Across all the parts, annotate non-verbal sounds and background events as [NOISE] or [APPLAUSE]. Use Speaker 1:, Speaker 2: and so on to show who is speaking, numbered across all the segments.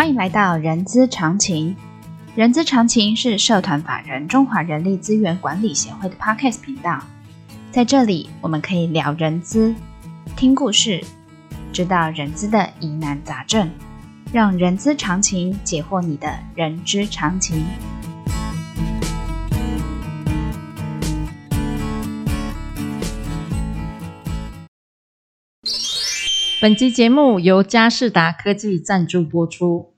Speaker 1: 歡迎來到人資常情，人資常情是社團法人中華人力資源管理協會的 Podcast 頻道，在這裡我們可以聊人資、聽故事、知道人資的疑難雜症，讓人資常情解惑你的人之常情。本集節目由佳世達科技贊助播出。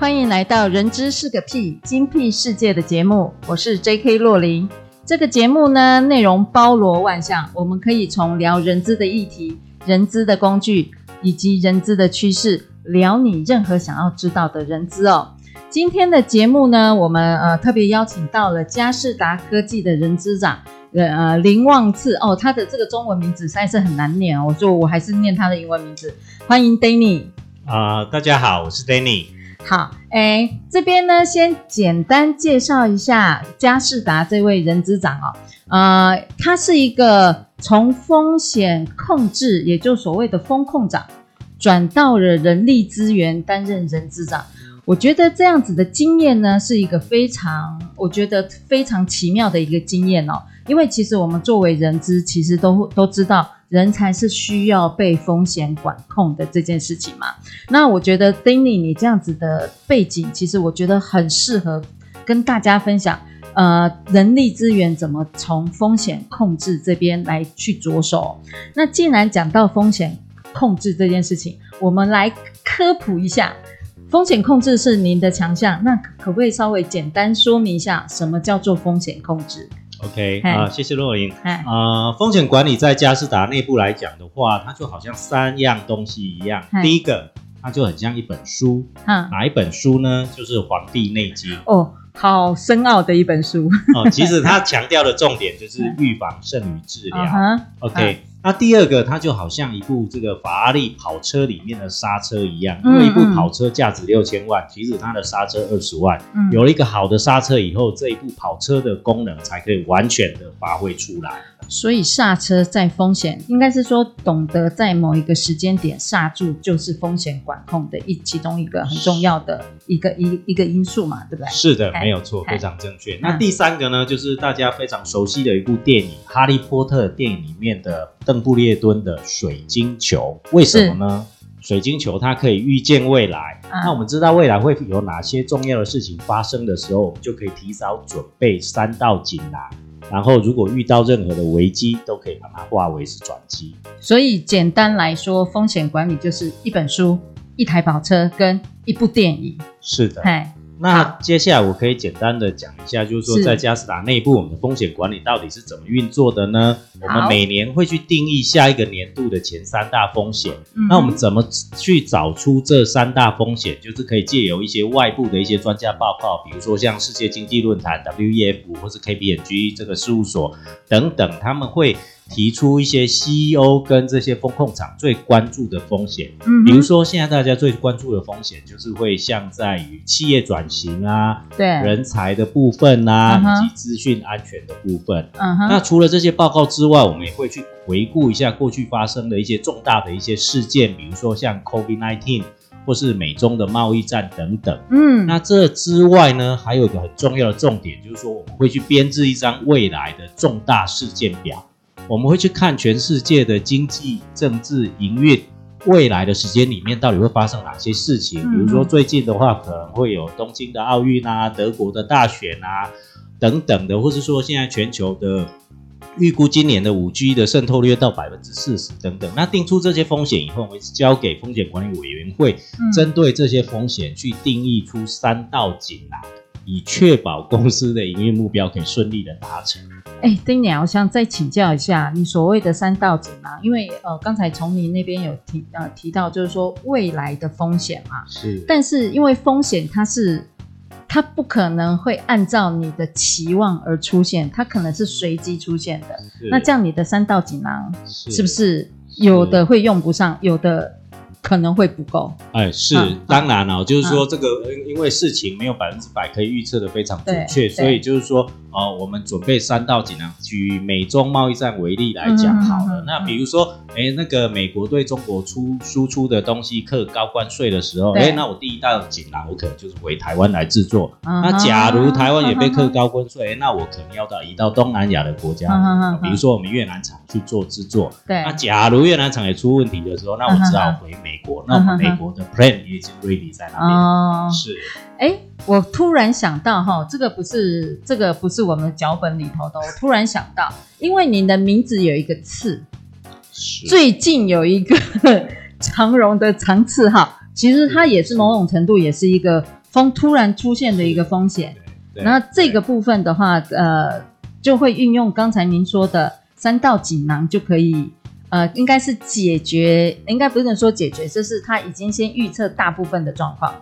Speaker 1: 歡迎來到《人資是個闢》精闢世界的節目，我是 J.K. Rowling。這個節目呢，內容包羅萬象，我們可以從聊人資的議題、人資的工具以及人資的趨勢，聊你任何想要知道的人資哦。今天的節目呢，我們呃特別邀請到了佳世達科技的人資長，呃林旺賜。哦，他的這個中文名字實在是很難念哦，我就我還是念他的英文名字。歡迎 Danny
Speaker 2: 啊、呃，大家好，我是 Danny。
Speaker 1: 好，哎，這邊呢，先簡單介紹一下佳世達這位人資長哦，呃，他是一個從風險控制，也就所謂的風控長，轉到了人力資源擔任人資長，我覺得這樣子的經驗呢，是一個非常，我覺得非常奇妙的一個經驗哦，因為其實我們作為人資，其實都都知道。人才是需要被風險管控的這件事情嘛？那我覺得，Danny 你這樣子的背景，其實我覺得很適合跟大家分享。呃，人力資源怎麼從風險控制這邊來去着手？那既然講到風險控制這件事情，我們來科普一下，風險控制是您的強項，那可不可以稍微簡單說明一下，什麼叫做風險控制？
Speaker 2: OK 謝謝若羚。啊、hey.，風險管理在佳世達內部來講的話，它就好像三樣東西一樣。Hey. 第一個，它就很像一本書。
Speaker 1: Huh. 哪
Speaker 2: 一本書呢？就是皇《黃帝內經》。
Speaker 1: 哦，好深奧的一本書。哦， [LAUGHS] 其實
Speaker 2: 它強調的重點就是預防勝於治療。Oh, huh? OK、uh.。那、啊、第二個，它就好像一部這個法拉利跑車裡面的剎車一樣，嗯，因為一部跑車價值六千萬，嗯，其實它的剎車二十萬，嗯，有了一個好的剎車以後，這一部跑車的功能才可以完全的發揮出來。
Speaker 1: 所以剎車在風險，應該是說懂得在某一個時間點剎住，就是風險管控的一其中一個很重要的一個一個一個因素嘛，對不對？是的，哎，沒有錯，哎，非常正確，哎。那第
Speaker 2: 三個呢，嗯，就是大家非常熟悉的一部電影《哈利波特》電影裡面的鄧布列敦的水晶球，為什麼呢？水晶球它可以預見未來，那、啊、我們知道未來會有哪些重要的事情發生的時候，我們就可以提早準備三道錦囊，然後如果遇到任何的危機，都可以把它化為是轉機。
Speaker 1: 所以簡單來說，風險管理就是一本書、一台跑車跟一部電影。
Speaker 2: 是的，那接下來我可以簡單的講一下，就是說在佳世達內部，我們的風險管理到底是怎麼運作的呢？我們每年會去定義下一個年度的前三大風險，嗯。那我們怎麼去找出這三大風險？就是可以借由一些外部的一些專家報告，比如說像世界經濟論壇 （WEF） 或者 KPMG 這個事務所等等，他們會提出一些 CEO 跟這些風控廠最關注的風險，嗯，比如說現在大家最關注的風險就是會像在於企業轉型啊，對，人才的部分吶、啊 uh -huh，以及資訊安全的部分，嗯、uh
Speaker 1: -huh，那除
Speaker 2: 了這些報告之外，我們也會去回顧一下過去發生的一些重大的一些事件，比如說像 COVID-19 或是美中的貿易戰等等，嗯，那這之外呢，還有一個很重要的重點就是說我們會去編製一張未來的重大事件表。我們會去看全世界的經濟、政治、營運，未來的時間裡面到底會發生哪些事情？比如說最近的話，可能會有東京的奧運啊，德國的大選啊等等的，或是說現在全球的預估今年的 5G 的滲透率到百分之四十等等。那定出這些風險以後，我們交給風險管理委員會、嗯，針對這些風險去定義出三道錦囊吶、啊。以確保公司的營運目標可以順利的達成。
Speaker 1: 哎、欸，Danny，我想再請教一下，你所謂的三道錦囊、啊，因為呃，剛才從你那邊有提呃提到，就是說未來的風險嘛，是。但是因為風險它是，它不可能會按照你的期望而出現，它可能是隨機出現的。那這樣你的三道錦囊、啊、是，是不是有的會用不上，有的？可能會不夠，
Speaker 2: 哎，是，當然了、喔嗯，就是說這個，因為事情沒有百分之百可以預測得非常準確，所以就是說，啊、喔，我們準備三道錦囊，舉美中貿易戰為例來講好了嗯嗯嗯嗯嗯，那比如說。哎、欸，那個美國對中國出輸出的東西課高關稅的時候，哎、欸，那我第一道錦囊我可能就是回台灣來製作。那、uh -huh, 假如台灣也被課高關稅，哎、uh -huh, uh -huh, uh -huh. 欸，那我可能要到移到東南亞的國家，uh -huh, uh -huh. 比如說我們越南廠去做制作。那、uh -huh, uh -huh. 假如越南廠也出問題的時候，uh -huh, uh -huh. 那我只好
Speaker 1: 回美國，uh -huh, uh -huh. 那我們美國的
Speaker 2: plan 也已經 ready 在那
Speaker 1: 邊。哦、uh -huh.，是。哎、欸，我突然想到哈，這個不是這個不是我們腳本裡頭的。我突然想到，因為你的名字有一個賜。最近有一個 [LAUGHS] 長榮的長賜號，其實它也是某種程度也是一個風突然出現的一個風險。那這個部分的話，呃，就會運用剛才您說的三道錦囊就可以，呃，應該是解決，應該不能說解決，這是他已經先預測大部分的狀況。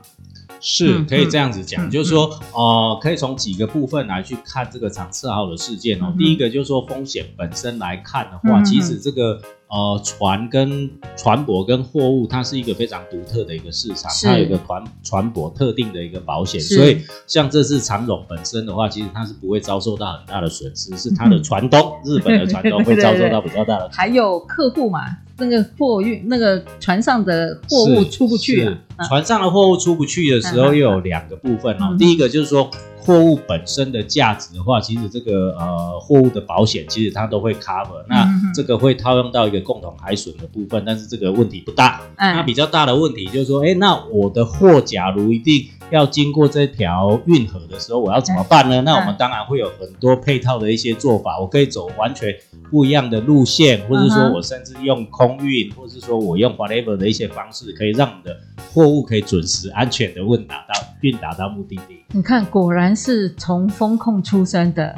Speaker 2: 是、嗯，可以這樣子講，就是說，哦，可以從幾個部分來去看這個長賜號的事件哦。第一個就是說，風險本身來看的話，其實這個。呃，船跟船舶跟貨物，它是一個非常獨特的一個市場。它有一個船船舶特定的一個保險，所以像這次長榮本身的話，其實它是不會遭受到很大的損失是，是它的船東， [LAUGHS] 日本的船東會遭受到比較大的 [LAUGHS] 對對對對。
Speaker 1: 還有客戶嘛，那個貨運那個船上的貨物出不去、啊啊、船
Speaker 2: 上的貨物出不去的時候， [LAUGHS] 又有兩個部分哦、 [LAUGHS] 嗯哼。第一個就是說。貨物本身的價值的話，其實這個呃貨物的保險其實它都會 cover，、嗯、那這個會套用到一個共同海損的部分，但是這個問題不大。嗯、那比較大的問題就是說，哎、欸，那我的貨假如一定要經過這條運河的時候，我要怎麼辦呢、嗯？那我們當然會有很多配套的一些做法，我可以走完全不一樣的路線，或者說我甚至用空運、嗯，或是說我用 whatever 的一些方式，可以讓我的貨物可以準時、安全的運達到運達到目的
Speaker 1: 地。你看，果然是從風控出身的，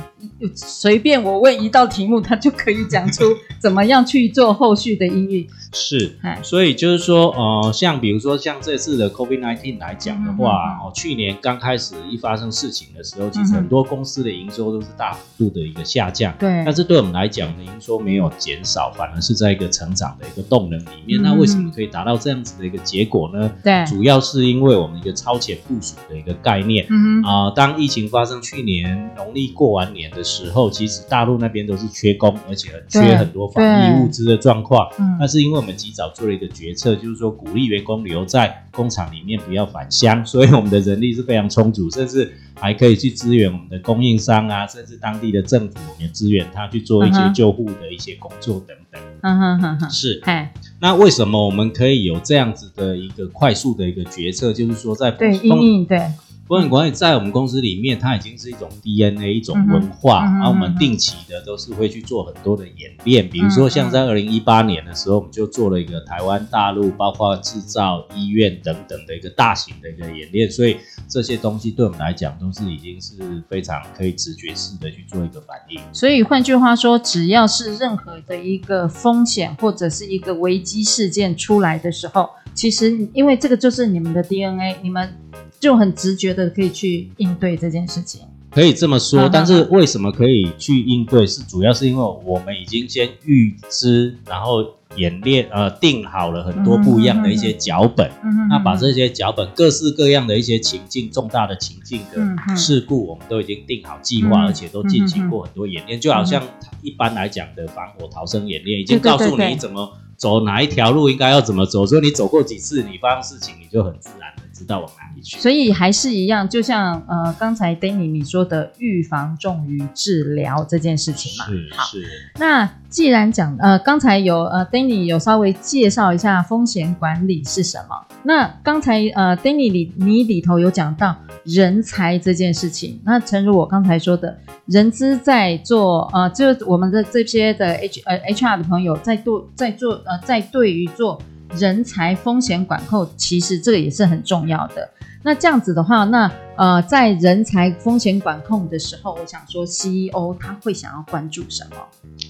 Speaker 1: 隨便我問一道題目，他就可以講出怎麼樣去做後續的音樂
Speaker 2: [LAUGHS] 是，所以就是說，呃，像比如說像這次的 COVID-19 來講的話，哦、嗯，去年剛開始一發生事情的時候，其實很多公司的營收都是大幅度的一個下降。對、嗯。但是對我們來講，呢，營收沒有減少，反而是在一個成長的一個動能裡面。嗯嗯，那為什麼可以達到這樣子的一個結果呢？對，主要是因為我們一個超前部署的一個概念。嗯啊、嗯呃，當疫情發生，去年農曆過完年的時候，其實大陸那邊都是缺工，而且很缺很多防疫物資的狀況。那、嗯、是因為我們及早做了一個決策，就是說鼓勵員工留在工廠裡面，不要返鄉，所以我們的人力是非常充足，甚至還可以去支援我們的供應商啊，甚至當地的政府，我們支援他去做一些救護的一些工作等等。嗯，
Speaker 1: 哼嗯，哼嗯，哼嗯哼是。哎，
Speaker 2: 那為什麼我們可以有這樣子的一個快速的一個決策？就是說在對防疫對。風險管理在我們公司裡面，它已經是一種 DNA 一種文化，而、嗯嗯啊、我們定期的都是會去做很多的演練、嗯，比如說像在二零一八年的時候、嗯，我們就做了一個台灣、大陸，包括制造、醫院等等的一個大型的一個演練，所以這些東西對我們來講，都是已經是非常可以直覺式的去做一個反應。
Speaker 1: 所以換句話說，只要是任何的一個風險或者是一個危機事件出來的時候，其實因為這個就是你們的 DNA，你們。就很直覺的可以去應對這件事情，
Speaker 2: 可以這麼說。但是為什麼可以去應對，是主要是因為我們已經先預知，然後演練，呃，定好了很多不一樣的一些腳本、嗯哼哼哼。那把這些腳本各式各樣的一些情境，重大的情境的事故，嗯、我們都已經定好計劃，而且都進行過很多演練。就好像一般來講的防火逃生演練，已經告訴你怎麼走哪一條路，應該要怎麼走。所以你走過幾次，你發生事情你就很自然。我
Speaker 1: 去，所以還是一樣，就像呃剛才 Danny 你說的，預防重於治療這件事情嘛。是好是。那既然講呃剛才有呃 Danny 有稍微介紹一下風險管理是什麼，那剛才呃 Danny 裡你裡頭有講到人才這件事情，那誠如我剛才說的人資在做、呃、就我們的這些的 H 呃 HR 的朋友在做在做呃在對於做。人才風險管控，其實這個也是很重要的。那這樣子的話，那呃，在人才風險管控的時候，我想說，CEO 他會想要關注什麼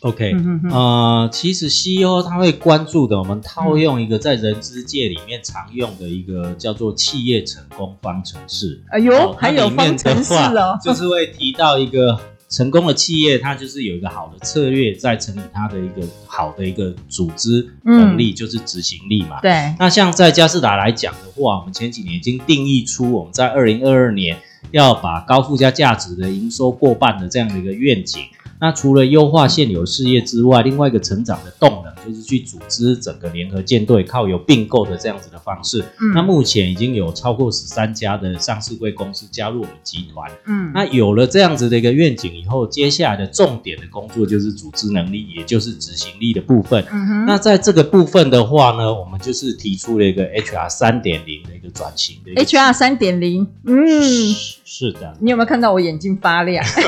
Speaker 1: ？OK，
Speaker 2: 嗯哼哼。呃，其實 CEO 他會關注的，我們套用一個在人資界裡面常用的一個叫做企業成功方程式。
Speaker 1: 哎呦，哦，還有方程式哦，就是
Speaker 2: 會提到一個。成功的企業，它就是有一個好的策略，再乘以它的一個好的一個組織能力，嗯、就是執行力嘛。對。那像在佳世達來講的話，我們前幾年已經定義出我們在二零二二年要把高附加價值的營收過半的這樣的一個願景。那除了優化現有事業之外，嗯，另外一個成長的動能就是去組織整個聯合艦隊，靠有併購的這樣子的方式，嗯。那目前已經有超過十三家的上市櫃公司加入我們集團。嗯，那有了這樣子的一個願景以後，接下來的重點的工作就是組織能力，也就是執行力的部分，嗯哼。那在這個部分的話呢，我們就是提出了一個 HR 三點零的一個轉型的一個。
Speaker 1: HR 三點零，嗯。是的，你有沒有看到我眼睛發亮？ [LAUGHS] 非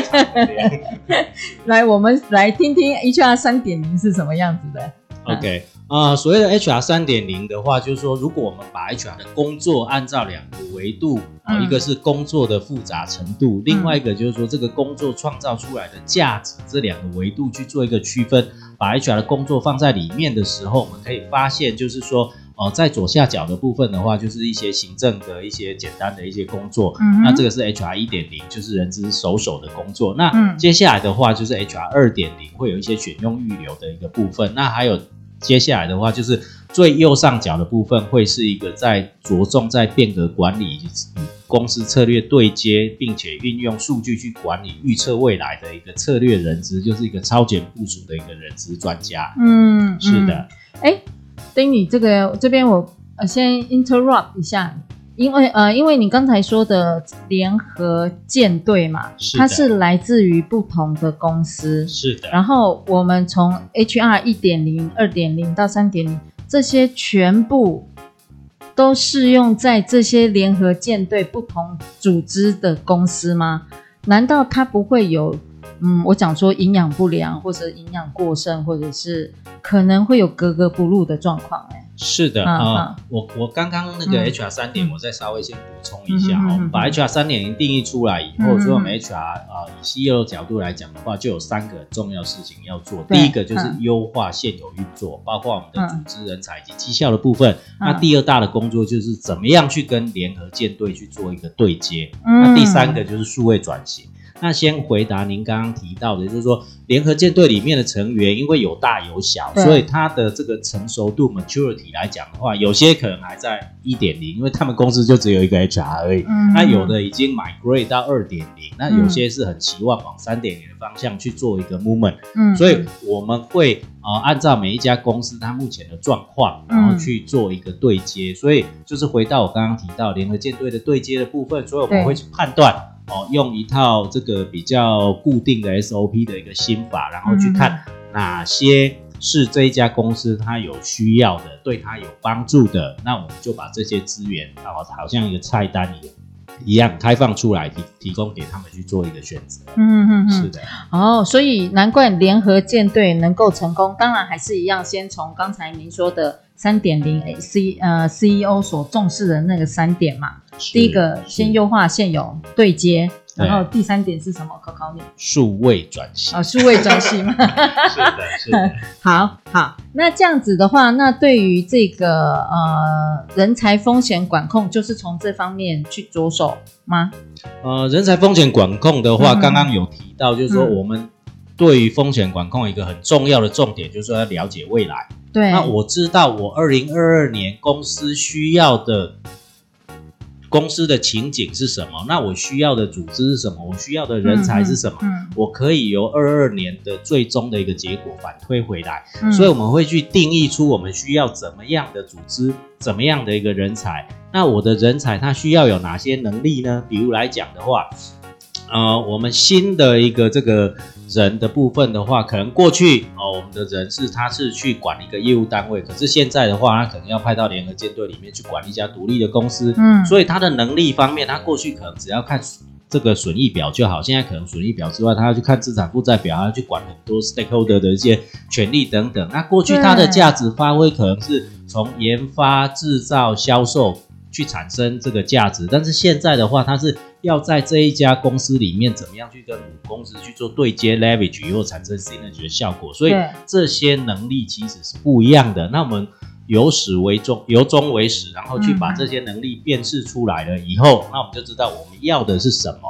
Speaker 1: 常的亮 [LAUGHS] 來，我們來聽聽 HR 三點零是什麼樣子的。
Speaker 2: OK，啊、呃，所謂的 HR 三點零的話，就是說，如果我們把 HR 的工作按照兩個維度，啊，一個是工作的複雜程度、嗯，另外一個就是說這個工作創造出來的價值，這兩個維度去做一個區分、嗯，把 HR 的工作放在裡面的時候，我們可以發現，就是說。哦，在左下角的部分的話，就是一些行政的一些簡單的一些工作。嗯、那這個是 HR 一點零，就是人資手手的工作，嗯。那接下來的話，就是 HR 二點零會有一些選用預留的一個部分。那還有接下來的話，就是最右上角的部分會是一個在着重在變革管理以及公司策略對接，並且運用數據去管理預測未來的一個策略人資，就是一個超前部署的一個人資專家。
Speaker 1: 嗯，是的，哎、欸。Danny，你這個這邊我呃先 interrupt 一下，因為呃因為你剛才說的聯合艦隊嘛，它是來自於不同的公司，是的。然後我們從 HR 一點零、二點零到三點零，這些全部都適用在這些聯合艦隊不同組織的公司嗎？難道它不會有？嗯，我講說營養不良或者營養過剩，或者是可能會有格格不入的狀況哎。
Speaker 2: 是的啊、嗯呃嗯，我我剛剛那個 HR 三點、嗯，我再稍微先補充一下哦。嗯嗯嗯、把 HR 三點零定義出來以後，嗯、所以我們 HR 啊、呃，以 CEO 角度來講的話，就有三個重要事情要做。第一個就是優化現有運作、嗯，包括我們的組織、人才以及績效的部分、嗯。那第二大的工作就是怎麼樣去跟聯合艦隊去做一個對接。嗯、那第三個就是數位轉型。那先回答您剛剛提到的，就是說，聯合艦隊裡面的成員，因為有大有小，所以他的這個成熟度 （maturity） 來講的話，有些可能還在一點零，因為他們公司就只有一個 HR 而已、嗯。那有的已經 migrate 到二點零，那有些是很期望往三點零的方向去做一個 movement、嗯。所以我們會啊、呃，按照每一家公司它目前的狀況，然後去做一個對接。所以就是回到我剛剛提到聯合艦隊的對接的部分，所以我們會去判斷，哦，用一套這個比較固定的 SOP 的一個心法，然後去看哪些是這一家公司它有需要的，對它有幫助的，那我們就把這些資源然後、哦、好像一個菜單一一樣開放出來提提供給他們去做一個選擇。
Speaker 1: 嗯嗯嗯，是的。哦，所以難怪聯合艦隊能夠成功，當然還是一樣，先從剛才您說的。三點零 C 呃 CEO 所重視的那個三點嘛，第一個先優化現有對接，然後第三點是什麼？考考你，
Speaker 2: 數位轉型
Speaker 1: 啊，哦、數位轉型嘛， [LAUGHS] 是的，是的。好好，那這樣子的話，那對於這個呃人才風險管控，就是從這方面去着手嗎？
Speaker 2: 呃，人才風險管控的話，嗯、剛剛有提到，就是說我們、嗯。對於風險管控一個很重要的重點，就是說要了解未來。對，那我知道我二零二二年公司需要的公司的情景，是什麼？那我需要的組織是什麼？我需要的人才是什麼？嗯嗯、我可以由二二年的最終的一個結果反推回來、嗯。所以我們會去定義出我們需要怎麼樣的組織，怎麼樣的一個人才？那我的人才他需要有哪些能力呢？比如來講的話。呃，我們新的一個這個人的部分的話，可能過去哦，呃，我們的人是，他是去管一個業務單位，可是現在的話，他可能要派到聯合艦隊裡面去管一家獨立的公司。嗯，所以他的能力方面，他過去可能只要看這個損益表就好，現在可能損益表之外，他要去看資產負債表，他要去管很多 stakeholder 的一些權利等等。那過去他的價值發揮可能是從研發、制造、銷售。去產生這個價值，但是現在的話，它是要在這一家公司裡面怎麼樣去跟母公司去做對接，leverage 以後產生 synergy 的效果，所以這些能力其實是不一樣的。那我們由始為終，由終為始，然後去把這些能力辨識出來了以後，嗯，那我們就知道我們要的是什麼，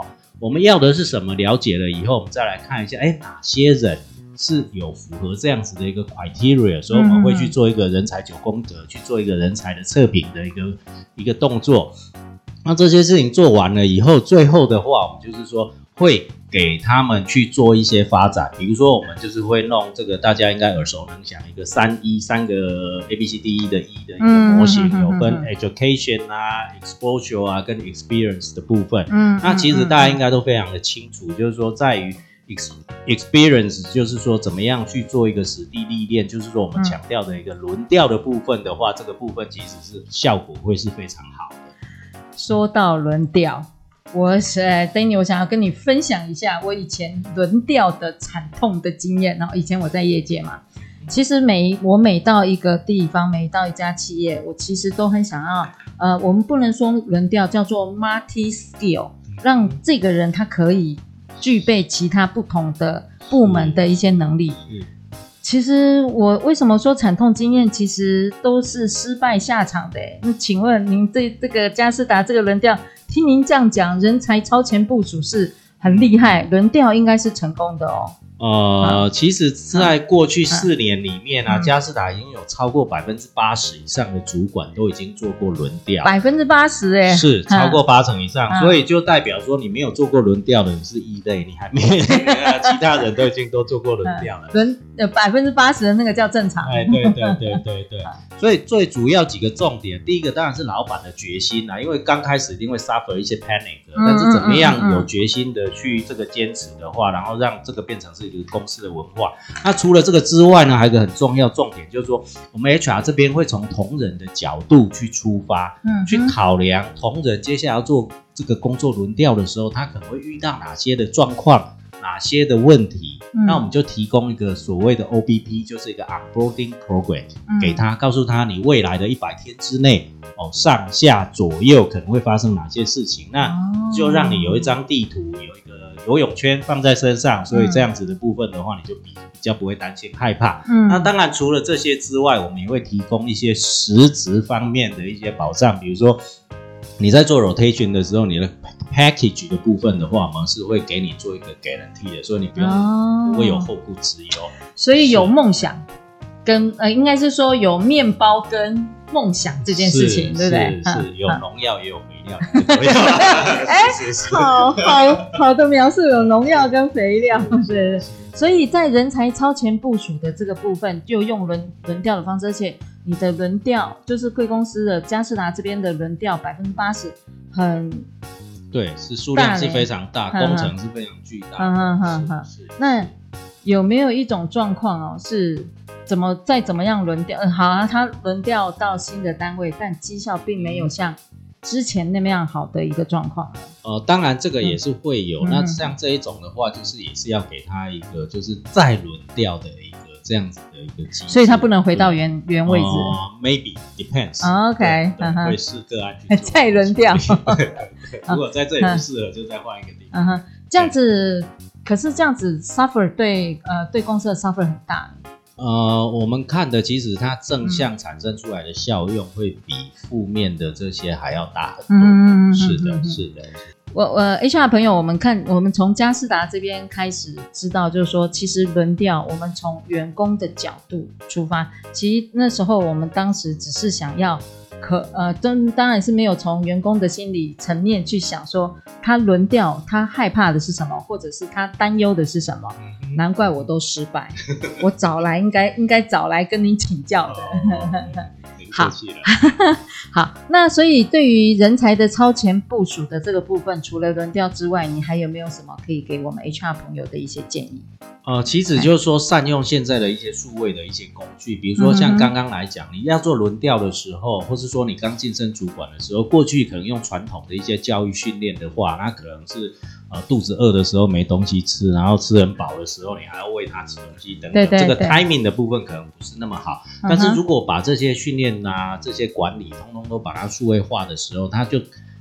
Speaker 2: 我們要的是什麼。了解了以後，我們再來看一下，哎、欸，哪些人？是有符合這樣子的一個 criteria，所以我們會去做一個人才九宮格、嗯嗯，去做一個人才的測評的一個一個動作。那這些事情做完了以後，最後的話，我們就是說會給他們去做一些發展，比如說我們就是會弄這個大家應該耳熟能詳一個 3E 三個 A B C D E 的 E 的一個模型，嗯嗯嗯嗯嗯嗯有分 education 啊，exposure 啊，跟 experience 的部分。嗯，嗯，嗯，嗯，那其實大家應該都非常的清楚，就是說在於。ex experience 就是說怎麼樣去做一個實地歷練，就是說我們強調的一個輪調的部分的話、嗯，這個部分其實是效果會是非常好的。
Speaker 1: 說到輪調，我是 Danny，我想要跟你分享一下我以前輪調的慘痛的經驗。然後以前我在業界嘛，其實每我每到一個地方，每到一家企業，我其實都很想要呃，我們不能說輪調叫做 multi skill，讓這個人他可以。具備其他不同的部門的一些能力，其實我為什麼說慘痛經驗，其實都是失敗下場的，欸。那請問您對這個佳世達這個輪調，聽您這樣講，人才超前部署是很厲害，輪調應該是成功的哦，喔。
Speaker 2: 呃、啊，其實，在過去四年裡面啊，佳世達已經有超過百分之八十以上的主管都已經做過輪調。
Speaker 1: 百分之八十，哎、欸，是、啊、超過八
Speaker 2: 成以上、啊，所以就代表說你沒有做過輪調的你是異類，你還沒， [LAUGHS] 其他人都已經都做過輪調了。
Speaker 1: 輪、啊、呃，百分之八十的那個叫正常。哎，對對對
Speaker 2: 對對。所以最主要幾個重點，第一個當然是老闆的決心啊，因為剛開始一定會 suffer 一些 panic，但是怎麼樣有決心的去這個堅持的話嗯嗯嗯嗯，然後讓這個變成是。這個公司的文化。那除了這個之外呢，還有一個很重要重點，就是說我們 HR 這邊會從同仁的角度去出發，嗯，去考量同仁接下來要做這個工作輪調的時候，他可能會遇到哪些的狀況，哪些的問題。嗯、那我們就提供一個所謂的 OBP，就是一個 Onboarding Program，嗯、給他，告訴他你未來的一百天之內，哦，上下左右可能會發生哪些事情，那就讓你有一張地圖，有一個。游泳圈放在身上，所以這樣子的部分的話，你就比，比較不會擔心害怕。嗯，那當然除了這些之外，我們也會提供一些實質方面的一些保障，比如說你在做 rotation 的時候，你的 package 的部分的話，我們是會給你做一個 guarantee 的，所以你不用、哦、不會有後顧之憂。
Speaker 1: 所以有夢想，跟，呃，應該是說有面包跟。夢想這件事情，對不對？是，是是
Speaker 2: 有農藥語也有肥料。哎， [LAUGHS] [LAUGHS] 好好
Speaker 1: 好的描述，有農藥跟肥料，對，所以在人才超前部署的這個部分，就用輪輪調的方式，而且你的輪調就是貴公司的佳世達這邊的輪調，百分之八十很。
Speaker 2: 對，是數量是非常大，工程是非常巨大的。嗯嗯嗯
Speaker 1: 哈，那有沒有一種狀況哦？是。怎麼再怎麼樣輪調？嗯，好啊，他輪調到新的單位，但績效並沒有像之前那樣好的一個狀況了。
Speaker 2: 哦，當然這個也是會有。那像這一種的話，就是也是要給他一個就是再輪調的一個這樣子的一個機制。所以他不能回到原原位置。Maybe depends。OK。會視個案再輪調。如果在這裡不適合，就
Speaker 1: 再換一個地方。嗯
Speaker 2: 這
Speaker 1: 樣子可是這樣子 suffer 對呃對公司的 suffer 很大。
Speaker 2: 呃，我們看的其實它正向產生出來的效用會比負面的這些還要大很多。嗯，是的，嗯，是的，嗯，是的。
Speaker 1: 我我 HR 朋友，我們看，我們從佳世達這邊開始知道，就是說，其實輪調，我們從員工的角度出發，其實那時候我們當時只是想要。可，呃，當當然是沒有從員工的心理層面去想，說他輪調，他害怕的是什麼，或者是他擔憂的是什麼。難怪我都失敗，我早來應該應該早來跟你請教的。 [LAUGHS] [LAUGHS] 好，謝謝 [LAUGHS] 好，那所以對於人才的超前部署的這個部分，除了輪調之外，你還有沒有什麼可以給我們 HR 朋友的一些建議？
Speaker 2: 呃，其實就是說善用現在的一些數位的一些工具，嗯、比如說像剛剛來講，你要做輪調的時候，或是說你剛晉升主管的時候，過去可能用傳統的一些教育訓練的話，那可能是。呃，肚子餓的時候沒東西吃，然後吃很飽的時候你還要餵它吃東西等等，對對對，這個 timing 的部分可能不是那麼好。嗯、但是如果把這些訓練啊、這些管理通通都把它數位化的時候，它就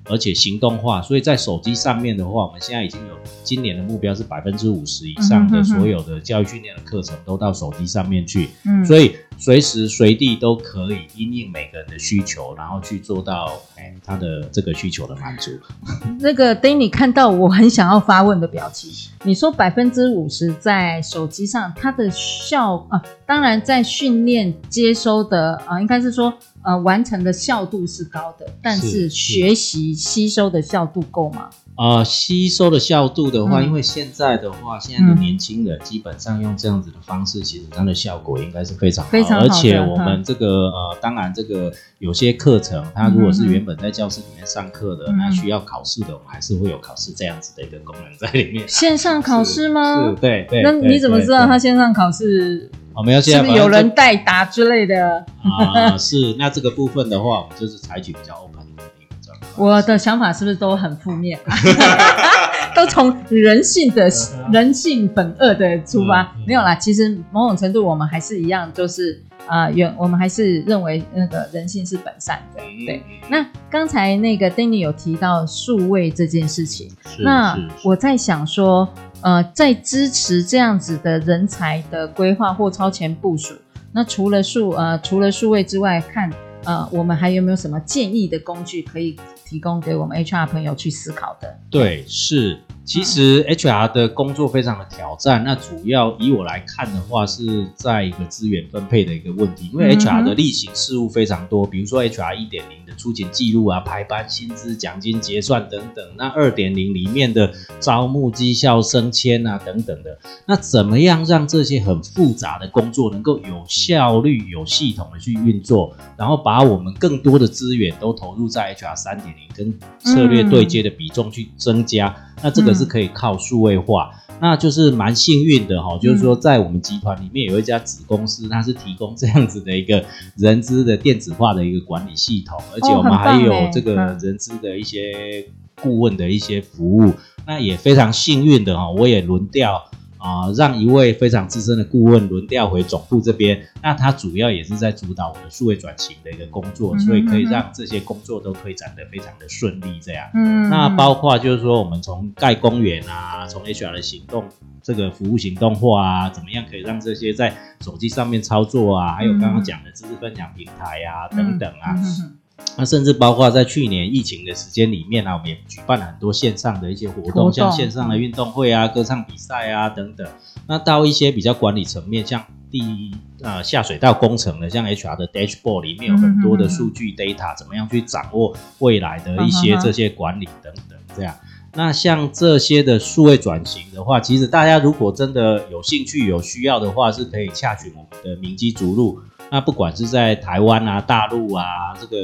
Speaker 2: 而且行動化。所以在手機上面的話，我們現在已經有今年的目標是百分之五十以上的所有的教育訓練的課程都到手機上面去。嗯，所以。隨時隨地都可以因應每個人的需求，然後去做到，欸，、他的這個需求的滿足。
Speaker 1: [LAUGHS] 那個 Danny 看到我很想要發問的表情，你說百分之五十在手機上，它的效啊，當然在訓練接收的啊，應該是說。呃，完成的效度是高的，但是學習吸收的效度夠嗎？
Speaker 2: 呃，吸收的效度的話，嗯、因為現在的話，現在的年輕人基本上用這樣子的方式，其實它的效果應該是非常好的。非常好。而且我們這個呃，當然這個有些課程、嗯，它如果是原本在教室裡面上課的，那、嗯、需要考試的，我們還是會有考試這樣子的一個功能在裡面。
Speaker 1: 線上考試嗎？對對。那你怎麼知道它線上考試？
Speaker 2: 有、哦、沒有、啊？是不是有人
Speaker 1: 代答之類的？啊，
Speaker 2: 是。那這個部分的話，我們就是採取比較 open 的這
Speaker 1: 種。 [LAUGHS] 我的想法是不是都很負面、啊？ [LAUGHS] [LAUGHS] 都從人性的，人性本惡的出發，沒有啦。其實某種程度，我們還是一樣，就是啊，原、呃、我們還是認為那個人性是本善的。對。那剛才那個 Danny 有提到數位這件事情，那我在想說，呃，在支持這樣子的人才的規劃或超前部署，那除了數，呃，除了數位之外，看，呃，我們還有沒有什麼建議的工具可以提供給我們 HR 朋友去思考的？
Speaker 2: 對，是。其實 HR 的工作非常的挑戰，那主要以我來看的話，是在一個資源分配的一個問題，因為 HR 的例行事務非常多，比如說 HR 一點零的出勤記錄啊、排班、薪資、獎金結算等等，那二點零裡面的招募、績效、升遷啊等等的，那怎麼樣讓這些很複雜的工作能夠有效率、有系統的去運作，然後把我們更多的資源都投入在 HR 三點零跟策略對接的比重去增加。那這個是可以靠數位化、嗯，那就是蠻幸運的哈、哦，就是說在我們集團裡面有一家子公司，它是提供這樣子的一個人資的電子化的一個管理系統，而且我們還有這個人資的一些顧問的一些服務，那也非常幸運的哈、哦，我也輪調。啊、呃，讓一位非常資深的顧問輪調回總部這邊，那他主要也是在主導我們的數位轉型的一個工作嗯嗯嗯，所以可以讓這些工作都推展得非常的順利，這樣。嗯，嗯，嗯，那包括就是說，我們從蓋公園啊，從 H R 的行動，這個服務行動化啊，怎麼樣可以讓這些在手機上面操作啊，還有剛剛講的知識分享平台啊，等等啊。嗯嗯嗯那甚至包括在去年疫情的時間裡面啊，我們也舉辦了很多線上的一些活動，像線上的運動會啊、歌唱比賽啊等等。那到一些比較管理層面，像地啊、呃、下水道工程的，像 HR 的 Dashboard 裡面有很多的數據 data，怎麼樣去掌握未來的一些這些管理等等這樣。那像這些的數位轉型的話，其實大家如果真的有興趣、有需要的話，是可以洽取我們的明基逐鹿。那不管是在台灣啊、大陸啊，這個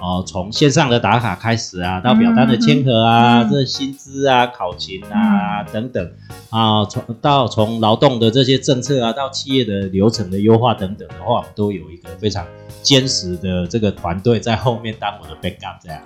Speaker 2: 呃，從線上的打卡開始啊，到表單的簽核啊，嗯嗯、這薪資啊、考勤啊、嗯、等等啊，從、呃、到從勞動的這些政策啊，到企業的流程的優化等等的話，我們都有一個非常堅實的這個團隊在後面當我的 backup 這樣。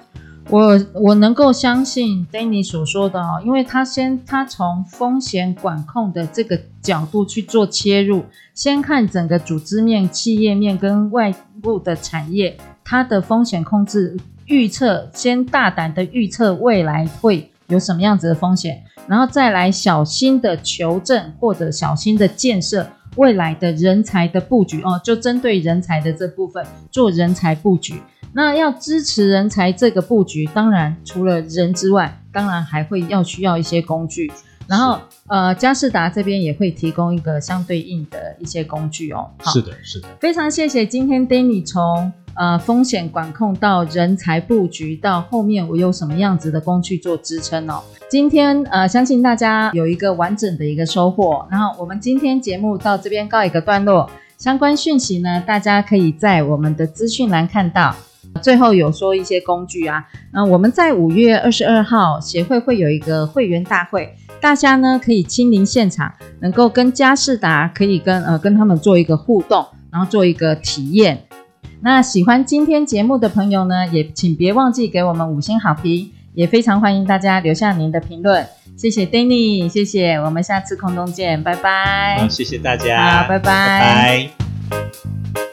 Speaker 1: 我我能夠相信 Danny 所說的哦，因為他先他從風險管控的這個角度去做切入，先看整個組織面、企業面跟外部的產業，它的風險控制預測，先大膽的預測未來會有什麼樣子的風險，然後再來小心的求證或者小心的建設未來的人才的布局哦，就針對人才的這部分做人才布局。那要支持人才這個布局，當然除了人之外，當然還會要需要一些工具。然後，呃，佳世達這邊也會提供一個相對應的一些工具哦。好，是的，是的，非常謝謝今天 Danny 從呃風險管控到人才布局到後面我用什麼樣子的工具做支撐哦。今天呃相信大家有一個完整的一個收穫。然後我們今天節目到這邊告一個段落，相關訊息呢大家可以在我們的資訊欄看到。最後有說一些工具啊，那我們在五月二十二號協會會有一個會員大會，大家呢可以親臨現場，能夠跟佳世達可以跟呃跟他們做一個互動，然後做一個體驗。那喜歡今天節目的朋友呢，也請別忘記給我們五星好評，也非常歡迎大家留下您的評論。謝謝 Danny，謝謝，我們下次空中見，拜拜，嗯、
Speaker 2: 謝謝大家，好、哎，拜拜。拜
Speaker 1: 拜。